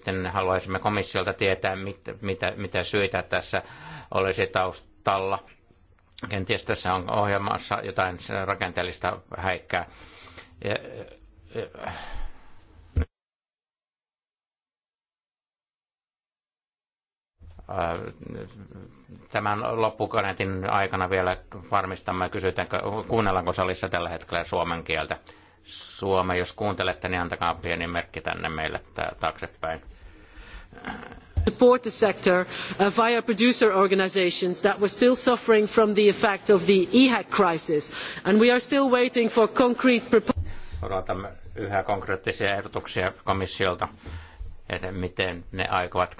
Sitten haluaisimme komissiolta tietää, mit, mitä, mitä syitä tässä olisi taustalla. Kenties tässä on ohjelmassa jotain rakenteellista häikkää. Ja, ja, äh, tämän loppukaneetin aikana vielä varmistamme, kysytäänkö, kuunnellaanko salissa tällä hetkellä suomen kieltä. Suome, jos kuuntelette, niin antakaa pieni merkki tänne meille taaksepäin. Support the sector uh, via producer organisations that were still suffering from the effect of the EHAC crisis, and we are still waiting for concrete proposals. Odotamme yhä konkreettisia ehdotuksia komissiolta, että miten ne aikovat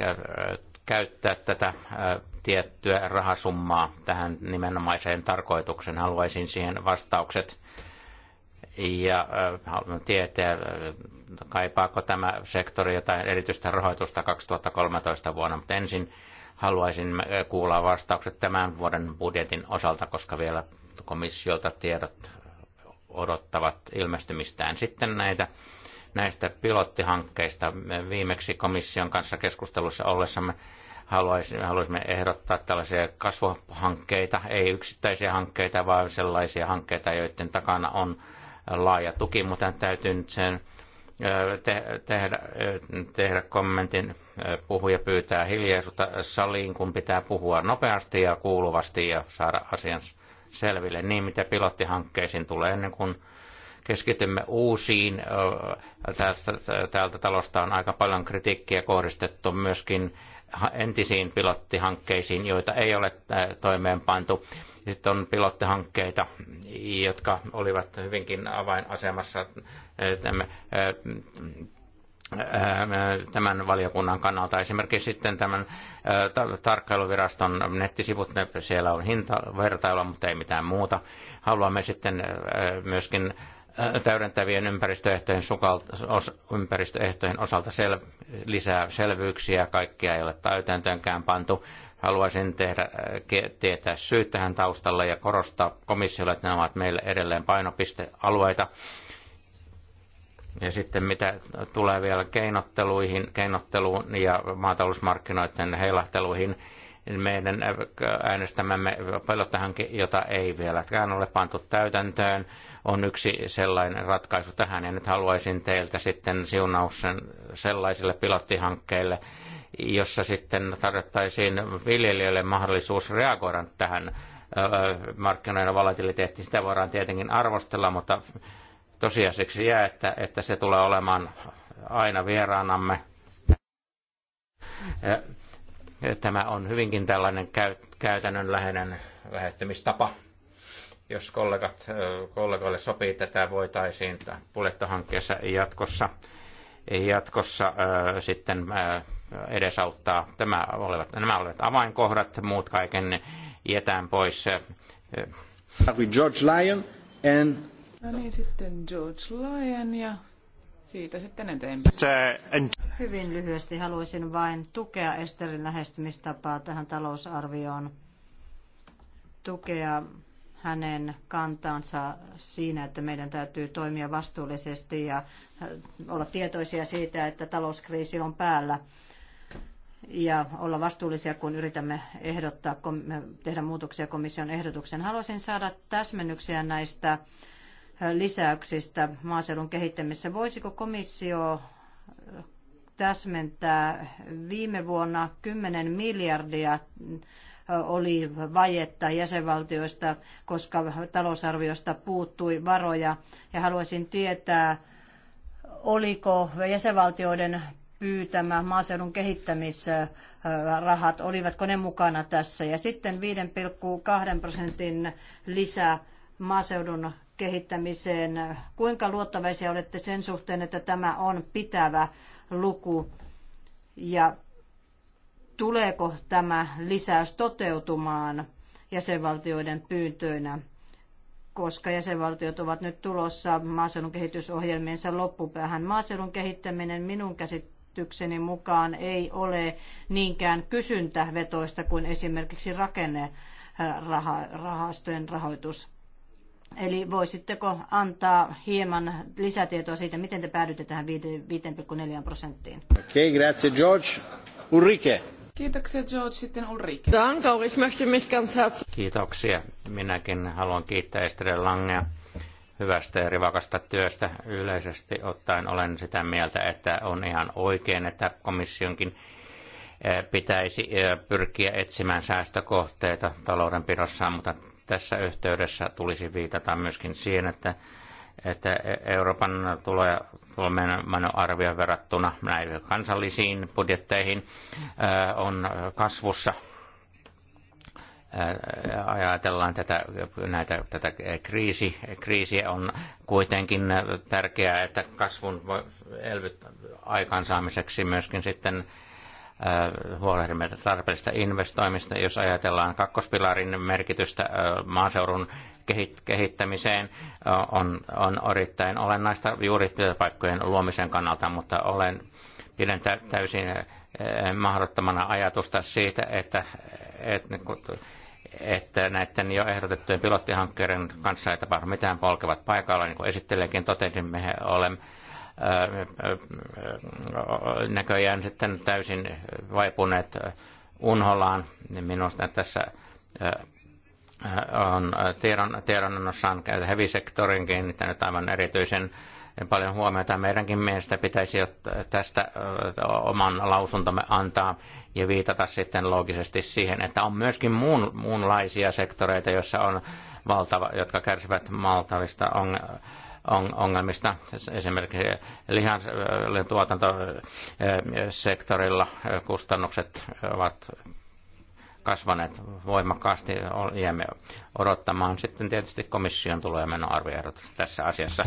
käyttää tätä uh, tiettyä rahasummaa tähän nimenomaiseen tarkoitukseen. Haluaisin siihen vastaukset ja äh, haluan tietää, äh, kaipaako tämä sektori jotain erityistä rahoitusta 2013 vuonna, mutta ensin haluaisin äh, kuulla vastaukset tämän vuoden budjetin osalta, koska vielä komissiolta tiedot odottavat ilmestymistään. Sitten näitä näistä pilottihankkeista. Viimeksi komission kanssa keskustelussa ollessamme haluaisimme, haluaisimme ehdottaa tällaisia kasvuhankkeita, ei yksittäisiä hankkeita, vaan sellaisia hankkeita, joiden takana on laaja tuki, mutta täytyy nyt sen te- tehdä, tehdä kommentin. Puhuja pyytää hiljaisuutta saliin, kun pitää puhua nopeasti ja kuuluvasti ja saada asian selville niin, mitä pilottihankkeisiin tulee ennen kuin keskitymme uusiin. Täältä, täältä talosta on aika paljon kritiikkiä kohdistettu myöskin entisiin pilottihankkeisiin, joita ei ole äh, toimeenpantu. Sitten on pilottihankkeita, jotka olivat hyvinkin avainasemassa äh, äh, tämän valiokunnan kannalta. Esimerkiksi sitten tämän tarkkailuviraston nettisivut, siellä on hintavertailua, mutta ei mitään muuta. Haluamme sitten myöskin täydentävien ympäristöehtojen, sukalta, os, ympäristöehtojen osalta sel, lisää selvyyksiä. Kaikkia ei ole täytäntöönkään pantu. Haluaisin tehdä, tietää syyt tähän taustalle ja korostaa komissiolle, että nämä ovat meille edelleen painopistealueita. Ja sitten mitä tulee vielä keinotteluihin, keinotteluun ja maatalousmarkkinoiden heilahteluihin, meidän äh, äänestämämme pelottahanke jota ei vieläkään ole pantu täytäntöön, on yksi sellainen ratkaisu tähän. Ja nyt haluaisin teiltä sitten siunauksen sellaisille pilottihankkeille, jossa sitten tarjottaisiin viljelijöille mahdollisuus reagoida tähän äh, markkinoiden volatiliteettiin. Sitä voidaan tietenkin arvostella, mutta tosiasiaksi jää, että, että se tulee olemaan aina vieraanamme. Äh, Tämä on hyvinkin tällainen käytännönläheinen lähettämistapa. Jos kollegat, kollegoille sopii, tätä voitaisiin pulettohankkeessa jatkossa, jatkossa sitten edesauttaa. Tämä olivat, nämä olivat avainkohdat, muut kaiken jätään pois. George Lyon and... No niin, sitten George Lyon ja siitä sitten eteenpäin. Hyvin lyhyesti haluaisin vain tukea Esterin lähestymistapaa tähän talousarvioon, tukea hänen kantaansa siinä, että meidän täytyy toimia vastuullisesti ja äh, olla tietoisia siitä, että talouskriisi on päällä ja olla vastuullisia, kun yritämme ehdottaa, tehdä muutoksia komission ehdotuksen. Haluaisin saada täsmennyksiä näistä lisäyksistä maaseudun kehittämisessä. Voisiko komissio äh, täsmentää viime vuonna 10 miljardia äh, oli vajetta jäsenvaltioista, koska talousarviosta puuttui varoja. Ja haluaisin tietää, oliko jäsenvaltioiden pyytämä maaseudun kehittämisrahat, olivatko ne mukana tässä. Ja sitten 5,2 prosentin lisää maaseudun kehittämiseen. Kuinka luottavaisia olette sen suhteen, että tämä on pitävä luku ja tuleeko tämä lisäys toteutumaan jäsenvaltioiden pyyntöinä, koska jäsenvaltiot ovat nyt tulossa maaseudun kehitysohjelmiensa loppupäähän. Maaseudun kehittäminen minun käsitykseni mukaan ei ole niinkään kysyntävetoista kuin esimerkiksi rakenne rahastojen rahoitus. Eli voisitteko antaa hieman lisätietoa siitä, miten te päädytte tähän 5,4 prosenttiin? Okei, okay, grazie George. Ulrike. Kiitoksia George, sitten Ulrike. Danke, ich möchte mich ganz herzlich... Kiitoksia. Minäkin haluan kiittää Estrella Langea hyvästä ja rivakasta työstä. Yleisesti ottaen olen sitä mieltä, että on ihan oikein, että komissionkin eh, pitäisi eh, pyrkiä etsimään säästökohteita taloudenpidossaan, mutta tässä yhteydessä tulisi viitata myöskin siihen, että, että Euroopan tuloja arvio verrattuna näihin kansallisiin budjetteihin äh, on kasvussa. Äh, ajatellaan tätä, näitä, tätä kriisi, kriisiä on kuitenkin tärkeää, että kasvun elvyt aikaansaamiseksi myöskin sitten huolehdimme tarpeellisista investoimista, jos ajatellaan kakkospilarin merkitystä maaseudun kehittämiseen on, on erittäin olennaista juuri työpaikkojen luomisen kannalta, mutta olen pidän täysin mahdottomana ajatusta siitä, että, että, että näiden jo ehdotettujen pilottihankkeiden kanssa ei tapahdu mitään polkevat paikalla, niin kuin esittelenkin totesin, me olemme näköjään sitten täysin vaipuneet unholaan, niin minusta tässä on tiedon, tiedonannossaan hevisektorin kiinnittänyt aivan erityisen paljon huomiota. Meidänkin mielestä pitäisi tästä oman lausuntomme antaa ja viitata sitten loogisesti siihen, että on myöskin muun, muunlaisia sektoreita, joissa on valtava, jotka kärsivät maltavista ongelmista ongelmista, siis esimerkiksi lihan äh, äh, kustannukset ovat kasvaneet voimakkaasti. Jäämme odottamaan sitten tietysti komission tulee menoarvioehdotus tässä asiassa.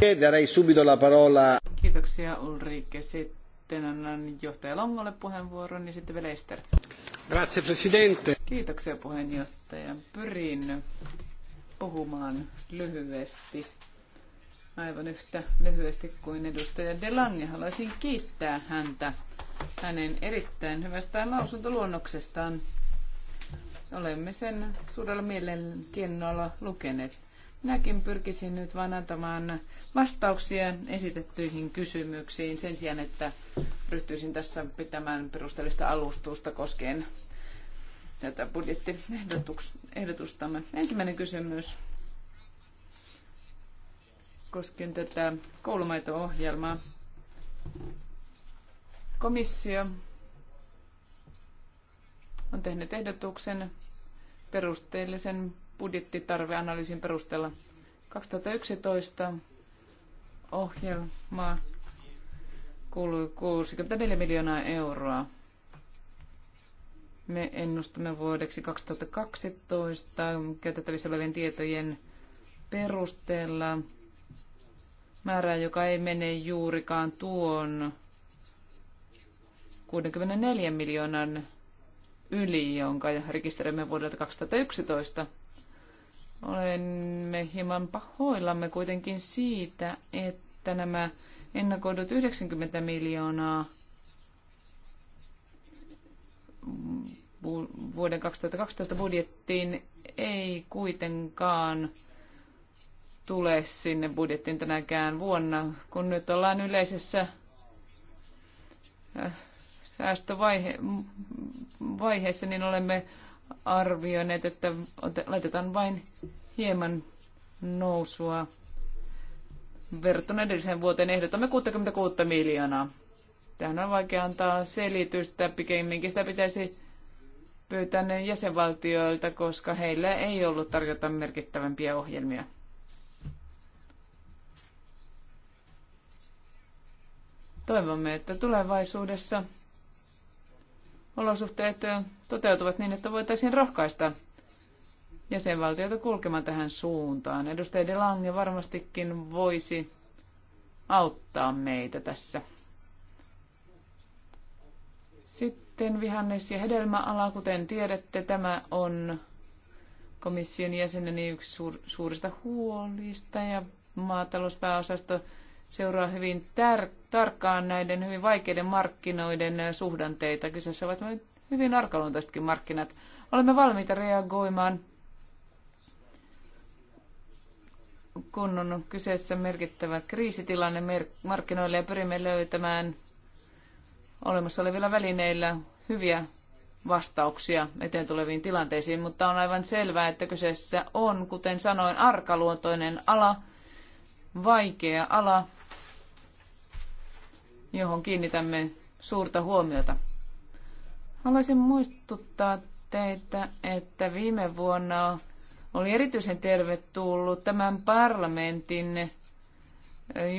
Kiitoksia Ulrike. Sitten annan johtaja Longolle puheenvuoron ja niin sitten Veleister. Grazie Presidente. Kiitoksia puheenjohtaja. Pyrin puhumaan lyhyesti aivan yhtä lyhyesti kuin edustaja Delange. Haluaisin kiittää häntä hänen erittäin hyvästä lausuntoluonnoksestaan. Olemme sen suurella mielenkiinnolla lukeneet. Minäkin pyrkisin nyt vain antamaan vastauksia esitettyihin kysymyksiin sen sijaan, että ryhtyisin tässä pitämään perusteellista alustusta koskien tätä budjettiehdotustamme. Ensimmäinen kysymys koskien tätä koulumaito-ohjelmaa. Komissio on tehnyt ehdotuksen perusteellisen budjettitarveanalyysin perusteella 2011 ohjelmaa kuului 64 miljoonaa euroa. Me ennustamme vuodeksi 2012 käytettävissä olevien tietojen perusteella määrää, joka ei mene juurikaan tuon 64 miljoonan yli, jonka rekisteröimme vuodelta 2011. Olemme hieman pahoillamme kuitenkin siitä, että nämä ennakoidut 90 miljoonaa vuoden 2012 budjettiin ei kuitenkaan tule sinne budjettiin tänäkään vuonna, kun nyt ollaan yleisessä äh, säästövaiheessa, niin olemme arvioineet, että laitetaan vain hieman nousua verrattuna edelliseen vuoteen ehdotamme 66 miljoonaa. Tähän on vaikea antaa selitystä, pikemminkin sitä pitäisi pyytää ne jäsenvaltioilta, koska heillä ei ollut tarjota merkittävämpiä ohjelmia. Toivomme, että tulevaisuudessa olosuhteet toteutuvat niin, että voitaisiin rohkaista jäsenvaltioita kulkemaan tähän suuntaan. Edustaja De Lange varmastikin voisi auttaa meitä tässä. Sitten vihannes- ja hedelmäala, kuten tiedätte, tämä on komission jäsenen yksi suur- suurista huolista ja maatalouspääosasto seuraa hyvin tärkeää tarkkaan näiden hyvin vaikeiden markkinoiden suhdanteita. Kyseessä ovat hyvin arkaluontoisetkin markkinat. Olemme valmiita reagoimaan, kun on kyseessä merkittävä kriisitilanne markkinoille ja pyrimme löytämään olemassa olevilla välineillä hyviä vastauksia eteen tuleviin tilanteisiin, mutta on aivan selvää, että kyseessä on, kuten sanoin, arkaluontoinen ala, vaikea ala, johon kiinnitämme suurta huomiota. Haluaisin muistuttaa teitä, että viime vuonna oli erityisen tervetullut tämän parlamentin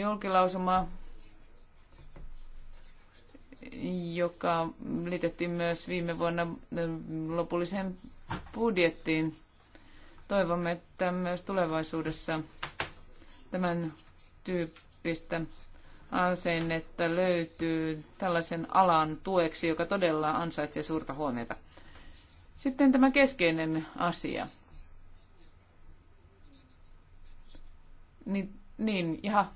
julkilausuma, joka liitettiin myös viime vuonna lopulliseen budjettiin. Toivomme, että myös tulevaisuudessa tämän tyyppistä asennetta löytyy tällaisen alan tueksi, joka todella ansaitsee suurta huomiota. Sitten tämä keskeinen asia. Niin, niin jaha,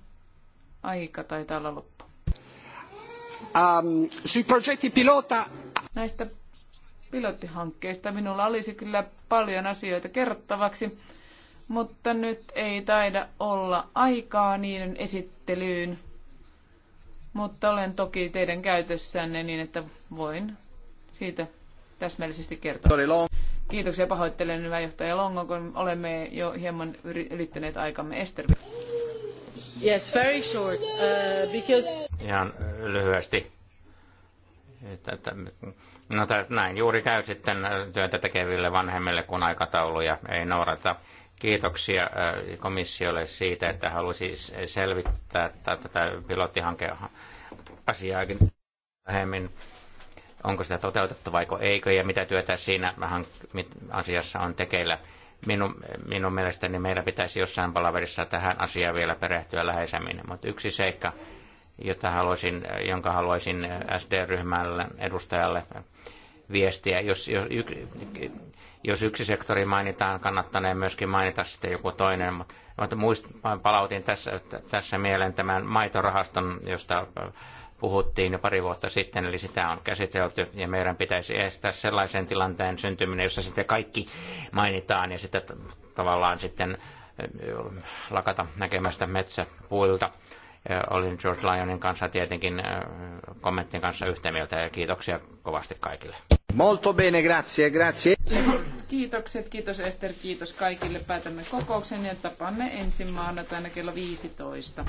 aika taitaa olla loppu. Um, pilota... Näistä pilottihankkeista minulla olisi kyllä paljon asioita kerrottavaksi, mutta nyt ei taida olla aikaa niiden esittelyyn mutta olen toki teidän käytössänne niin, että voin siitä täsmällisesti kertoa. Kiitoksia pahoittelen, hyvä johtaja Longo, kun olemme jo hieman ylittäneet aikamme. Ester. Yes, very short, uh, because... Ihan lyhyesti. No näin juuri käy sitten äh, työtä tekeville vanhemmille, kun aikatauluja ei noudata. Kiitoksia äh, komissiolle siitä, että halusi selvittää tätä asiaakin vähemmin. Onko sitä toteutettu vai eikö ja mitä työtä siinä vähän asiassa on tekeillä. Minun, minun mielestäni meidän pitäisi jossain palaverissa tähän asiaan vielä perehtyä läheisemmin. Mutta yksi seikka, jota haluaisin, jonka haluaisin sd ryhmälle edustajalle viestiä, jos, jos yksi, jos yksi sektori mainitaan, kannattanee myöskin mainita sitten joku toinen, mutta muist, palautin tässä, tässä mieleen tämän maitorahaston, josta äh, puhuttiin jo pari vuotta sitten, eli sitä on käsitelty, ja meidän pitäisi estää sellaisen tilanteen syntyminen, jossa sitten kaikki mainitaan, ja sitten tavallaan sitten äh, lakata näkemästä metsäpuilta. Äh, olin George Lyonin kanssa tietenkin kommenttien kanssa yhtä mieltä, ja kiitoksia kovasti kaikille. Molto bene, grazie, grazie. Kiitokset, kiitos Ester, kiitos kaikille. Päätämme kokouksen ja tapaamme ensi maanantaina kello 15.